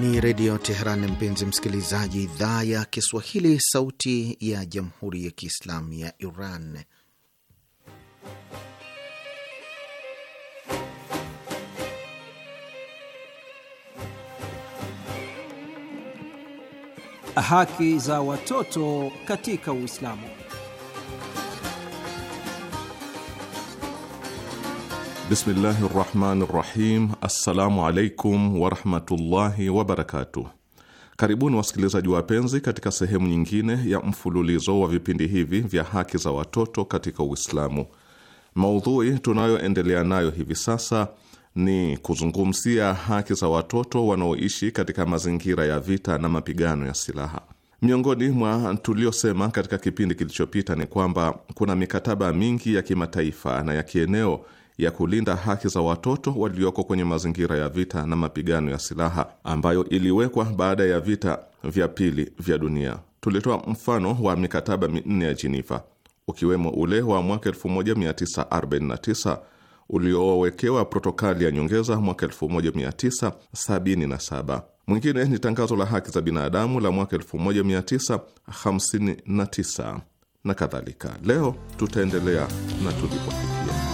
Ni Redio Teheran, mpenzi msikilizaji, idhaa ya Kiswahili, sauti ya Jamhuri ya Kiislamu ya Iran. Haki za watoto katika Uislamu. Bismillahi rahmani rahim. Assalamu alaikum warahmatullahi wabarakatuh. Karibuni wasikilizaji wapenzi, katika sehemu nyingine ya mfululizo wa vipindi hivi vya haki za watoto katika Uislamu. Maudhui tunayoendelea nayo hivi sasa ni kuzungumzia haki za watoto wanaoishi katika mazingira ya vita na mapigano ya silaha. Miongoni mwa tuliosema katika kipindi kilichopita ni kwamba kuna mikataba mingi ya kimataifa na ya kieneo ya kulinda haki za watoto walioko kwenye mazingira ya vita na mapigano ya silaha ambayo iliwekwa baada ya vita vya pili vya dunia. Tulitoa mfano wa mikataba minne ya Jiniva, ukiwemo ule wa mwaka 1949 uliowekewa protokali ya nyongeza mwaka 1977. Mwingine ni tangazo la haki za binadamu la mwaka 1959 na kadhalika. Leo tutaendelea na tulipofikia.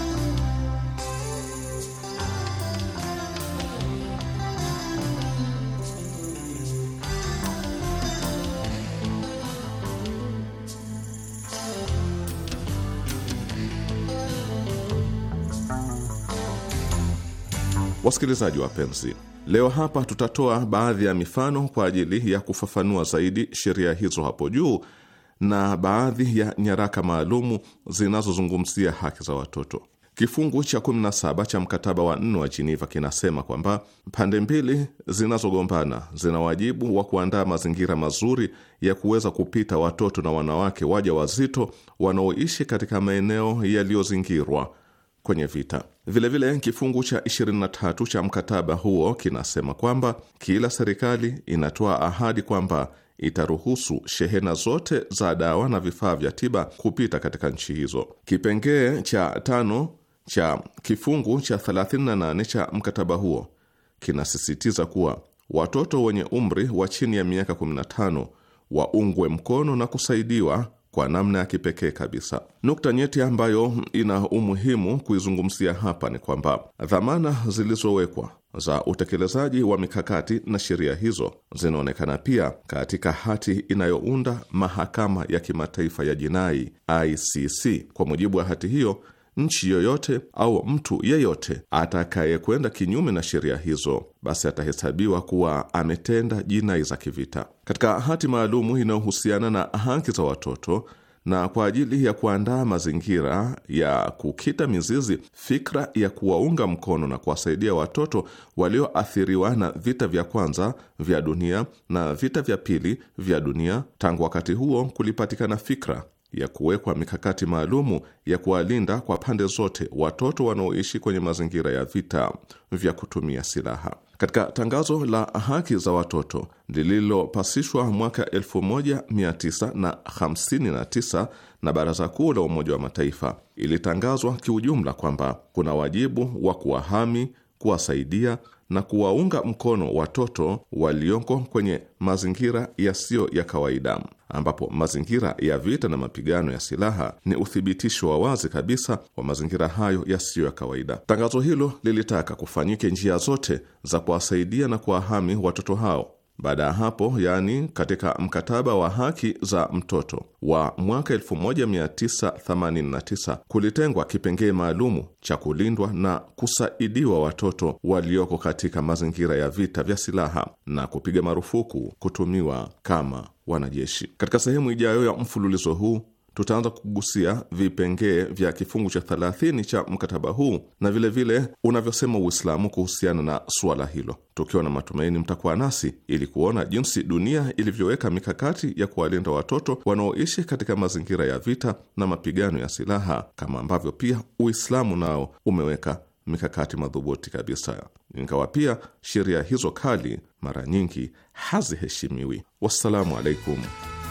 Wasikilizaji wapenzi, leo hapa tutatoa baadhi ya mifano kwa ajili ya kufafanua zaidi sheria hizo hapo juu na baadhi ya nyaraka maalumu zinazozungumzia haki za watoto. Kifungu cha 17 cha mkataba wa nne wa Jiniva kinasema kwamba pande mbili zinazogombana zina wajibu wa kuandaa mazingira mazuri ya kuweza kupita watoto na wanawake waja wazito wanaoishi katika maeneo yaliyozingirwa kwenye vita. Vilevile vile, kifungu cha 23 cha mkataba huo kinasema kwamba kila serikali inatoa ahadi kwamba itaruhusu shehena zote za dawa na vifaa vya tiba kupita katika nchi hizo. Kipengee cha tano cha kifungu cha 38 cha mkataba huo kinasisitiza kuwa watoto wenye umri wa chini ya miaka 15 waungwe mkono na kusaidiwa kwa namna ya kipekee kabisa. Nukta nyeti ambayo ina umuhimu kuizungumzia hapa ni kwamba dhamana zilizowekwa za utekelezaji wa mikakati na sheria hizo zinaonekana pia katika hati inayounda mahakama ya kimataifa ya jinai ICC. Kwa mujibu wa hati hiyo nchi yoyote au mtu yeyote atakayekwenda kinyume na sheria hizo, basi atahesabiwa kuwa ametenda jinai za kivita. Katika hati maalumu inayohusiana na haki za watoto na kwa ajili ya kuandaa mazingira ya kukita mizizi fikra ya kuwaunga mkono na kuwasaidia watoto walioathiriwa na vita vya kwanza vya dunia na vita vya pili vya dunia. Tangu wakati huo kulipatikana fikra ya kuwekwa mikakati maalumu ya kuwalinda kwa pande zote watoto wanaoishi kwenye mazingira ya vita vya kutumia silaha. Katika tangazo la haki za watoto lililopasishwa mwaka 1959 na Baraza Kuu la Umoja wa Mataifa, ilitangazwa kiujumla kwamba kuna wajibu wa kuwahami, kuwasaidia na kuwaunga mkono watoto walioko kwenye mazingira yasiyo ya kawaida, ambapo mazingira ya vita na mapigano ya silaha ni uthibitisho wa wazi kabisa wa mazingira hayo yasiyo ya kawaida. Tangazo hilo lilitaka kufanyike njia zote za kuwasaidia na kuwahami watoto hao baada ya hapo, yaani katika mkataba wa haki za mtoto wa mwaka 1989 kulitengwa kipengee maalumu cha kulindwa na kusaidiwa watoto walioko katika mazingira ya vita vya silaha na kupiga marufuku kutumiwa kama wanajeshi. Katika sehemu ijayo ya mfululizo huu tutaanza kugusia vipengee vya kifungu cha thelathini cha mkataba huu na vilevile unavyosema Uislamu kuhusiana na suala hilo, tukiwa na matumaini mtakuwa nasi ili kuona jinsi dunia ilivyoweka mikakati ya kuwalinda watoto wanaoishi katika mazingira ya vita na mapigano ya silaha, kama ambavyo pia Uislamu nao umeweka mikakati madhubuti kabisa, ingawa pia sheria hizo kali mara nyingi haziheshimiwi. Wassalamu alaikum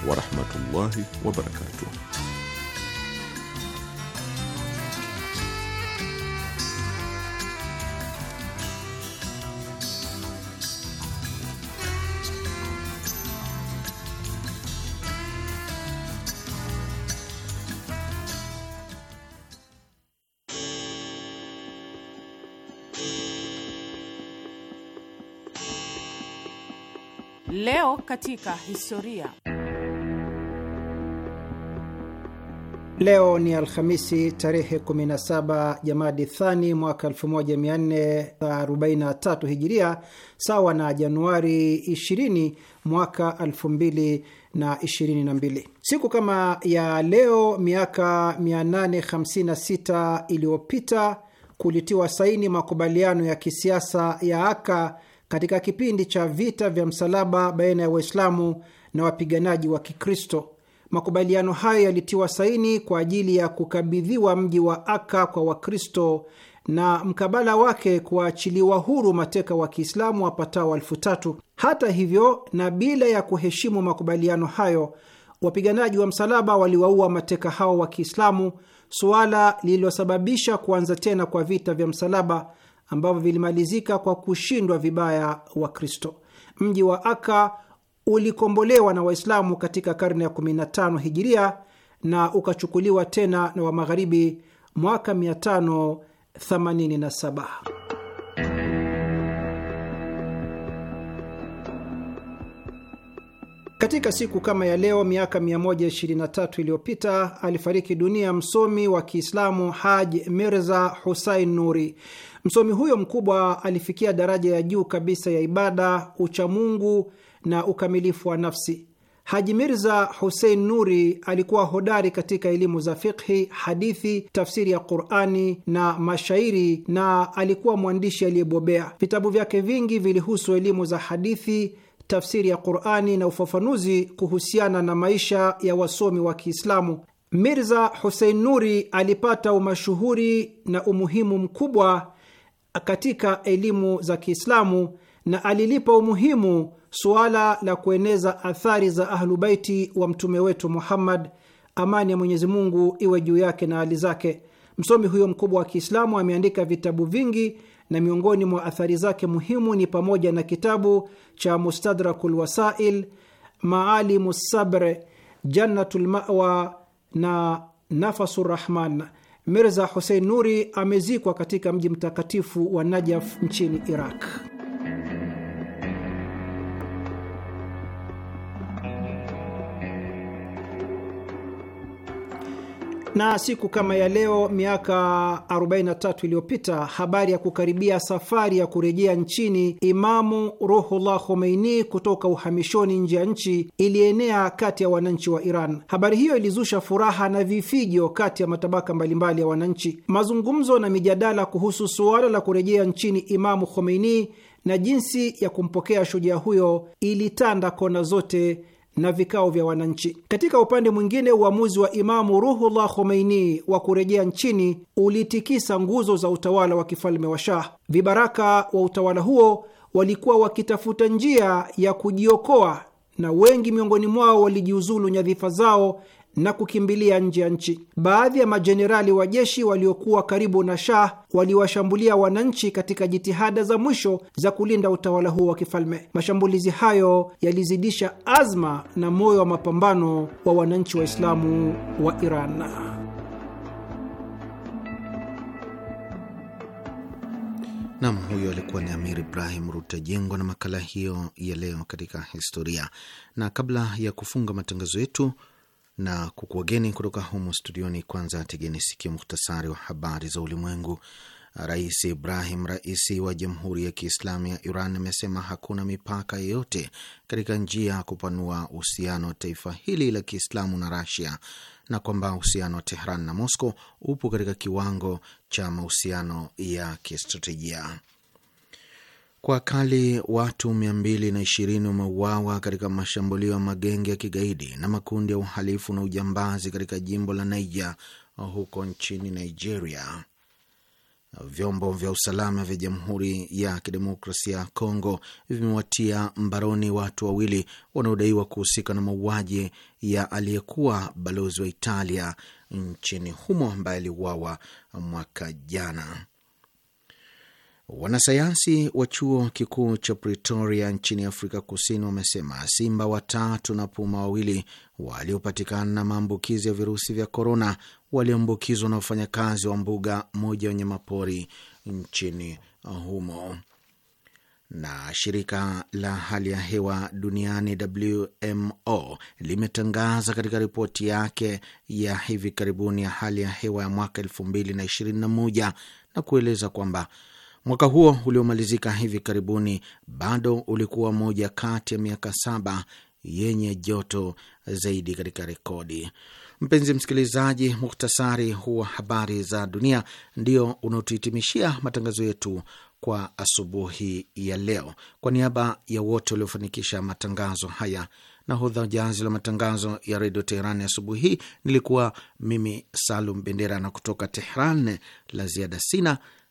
warahmatullahi wabarakatuh. Leo katika historia. Leo ni Alhamisi tarehe 17 Jamadi Thani mwaka 1443 Hijiria, sawa na Januari 20 mwaka 2022. Siku kama ya leo miaka 856 iliyopita kulitiwa saini makubaliano ya kisiasa ya Aka katika kipindi cha vita vya msalaba baina ya Waislamu na wapiganaji wa Kikristo. Makubaliano hayo yalitiwa saini kwa ajili ya kukabidhiwa mji wa Aka kwa Wakristo na mkabala wake kuachiliwa huru mateka wa Kiislamu wapatao elfu tatu. Hata hivyo, na bila ya kuheshimu makubaliano hayo, wapiganaji wa msalaba waliwaua mateka hao wa Kiislamu, suala lililosababisha kuanza tena kwa vita vya msalaba ambavyo vilimalizika kwa kushindwa vibaya Wakristo. Mji wa Aka ulikombolewa na Waislamu katika karne ya 15 hijiria na ukachukuliwa tena na wa magharibi mwaka 587. Katika siku kama ya leo miaka 123 iliyopita alifariki dunia msomi wa Kiislamu Haj Mirza Husain Nuri. Msomi huyo mkubwa alifikia daraja ya juu kabisa ya ibada, uchamungu na ukamilifu wa nafsi. Haji Mirza Husein Nuri alikuwa hodari katika elimu za fikhi, hadithi, tafsiri ya Qurani na mashairi, na alikuwa mwandishi aliyebobea. Vitabu vyake vingi vilihusu elimu za hadithi, tafsiri ya Qurani na ufafanuzi kuhusiana na maisha ya wasomi wa Kiislamu. Mirza Husein Nuri alipata umashuhuri na umuhimu mkubwa katika elimu za Kiislamu na alilipa umuhimu suala la kueneza athari za Ahlubaiti wa mtume wetu Muhammad, amani ya Mwenyezi Mungu iwe juu yake na hali zake. Msomi huyo mkubwa wa Kiislamu ameandika vitabu vingi na miongoni mwa athari zake muhimu ni pamoja na kitabu cha Mustadrakul Wasail, Maalimu Sabre, Jannatul Mawa na Nafasu Rahman. Mirza Hussein Nuri amezikwa katika mji mtakatifu wa Najaf nchini Iraq. Na siku kama ya leo miaka 43 iliyopita habari ya kukaribia safari ya kurejea nchini Imamu Ruhullah Khomeini kutoka uhamishoni nje ya nchi ilienea kati ya wananchi wa Iran. Habari hiyo ilizusha furaha na vifijo kati ya matabaka mbalimbali ya wananchi. Mazungumzo na mijadala kuhusu suala la kurejea nchini Imamu Khomeini na jinsi ya kumpokea shujaa huyo ilitanda kona zote na vikao vya wananchi. Katika upande mwingine, uamuzi wa Imamu Ruhullah Khomeini wa kurejea nchini ulitikisa nguzo za utawala wa kifalme wa Shah. Vibaraka wa utawala huo walikuwa wakitafuta njia ya kujiokoa na wengi miongoni mwao walijiuzulu nyadhifa zao na kukimbilia nje ya nchi. Baadhi ya majenerali wa jeshi waliokuwa karibu na Shah waliwashambulia wananchi katika jitihada za mwisho za kulinda utawala huo wa kifalme. Mashambulizi hayo yalizidisha azma na moyo wa mapambano wa wananchi Waislamu wa Iran. Nam, huyo alikuwa ni Amir Ibrahim jengwa na makala hiyo ya leo katika historia. Na kabla ya kufunga matangazo yetu na kukuageni kutoka humo studioni. Kwanza tegeni sikio, muhtasari wa habari za ulimwengu. Rais Ibrahim Raisi wa Jamhuri ya Kiislamu ya Iran amesema hakuna mipaka yeyote katika njia ya kupanua uhusiano wa taifa hili la Kiislamu na Rasia na kwamba uhusiano wa Tehran na Moscow upo katika kiwango cha mahusiano ya kistratejia. Kwa kali watu 220 wameuawa katika mashambulio ya magenge ya kigaidi na makundi ya uhalifu na ujambazi katika jimbo la Naija huko nchini Nigeria. Vyombo vya usalama vya Jamhuri ya Kidemokrasia ya Kongo vimewatia mbaroni watu wawili wanaodaiwa kuhusika na mauaji ya aliyekuwa balozi wa Italia nchini humo ambaye aliuawa mwaka jana. Wanasayansi wa chuo kikuu cha Pretoria nchini Afrika Kusini wamesema simba watatu na puma wawili waliopatikana na maambukizi ya virusi vya korona waliambukizwa na wafanyakazi wa mbuga moja ya wanyamapori nchini humo. Na shirika la hali ya hewa duniani WMO limetangaza katika ripoti yake ya hivi karibuni ya hali ya hewa ya mwaka elfu mbili na ishirini na moja na kueleza kwamba Mwaka huo uliomalizika hivi karibuni bado ulikuwa moja kati ya miaka saba yenye joto zaidi katika rekodi. Mpenzi msikilizaji, muhtasari wa habari za dunia ndio unaotuhitimishia matangazo yetu kwa asubuhi ya leo. Kwa niaba ya wote waliofanikisha matangazo haya, nahodha jahazi la matangazo ya redio Teheran asubuhi hii nilikuwa mimi Salum Bendera, na kutoka Tehran la ziada sina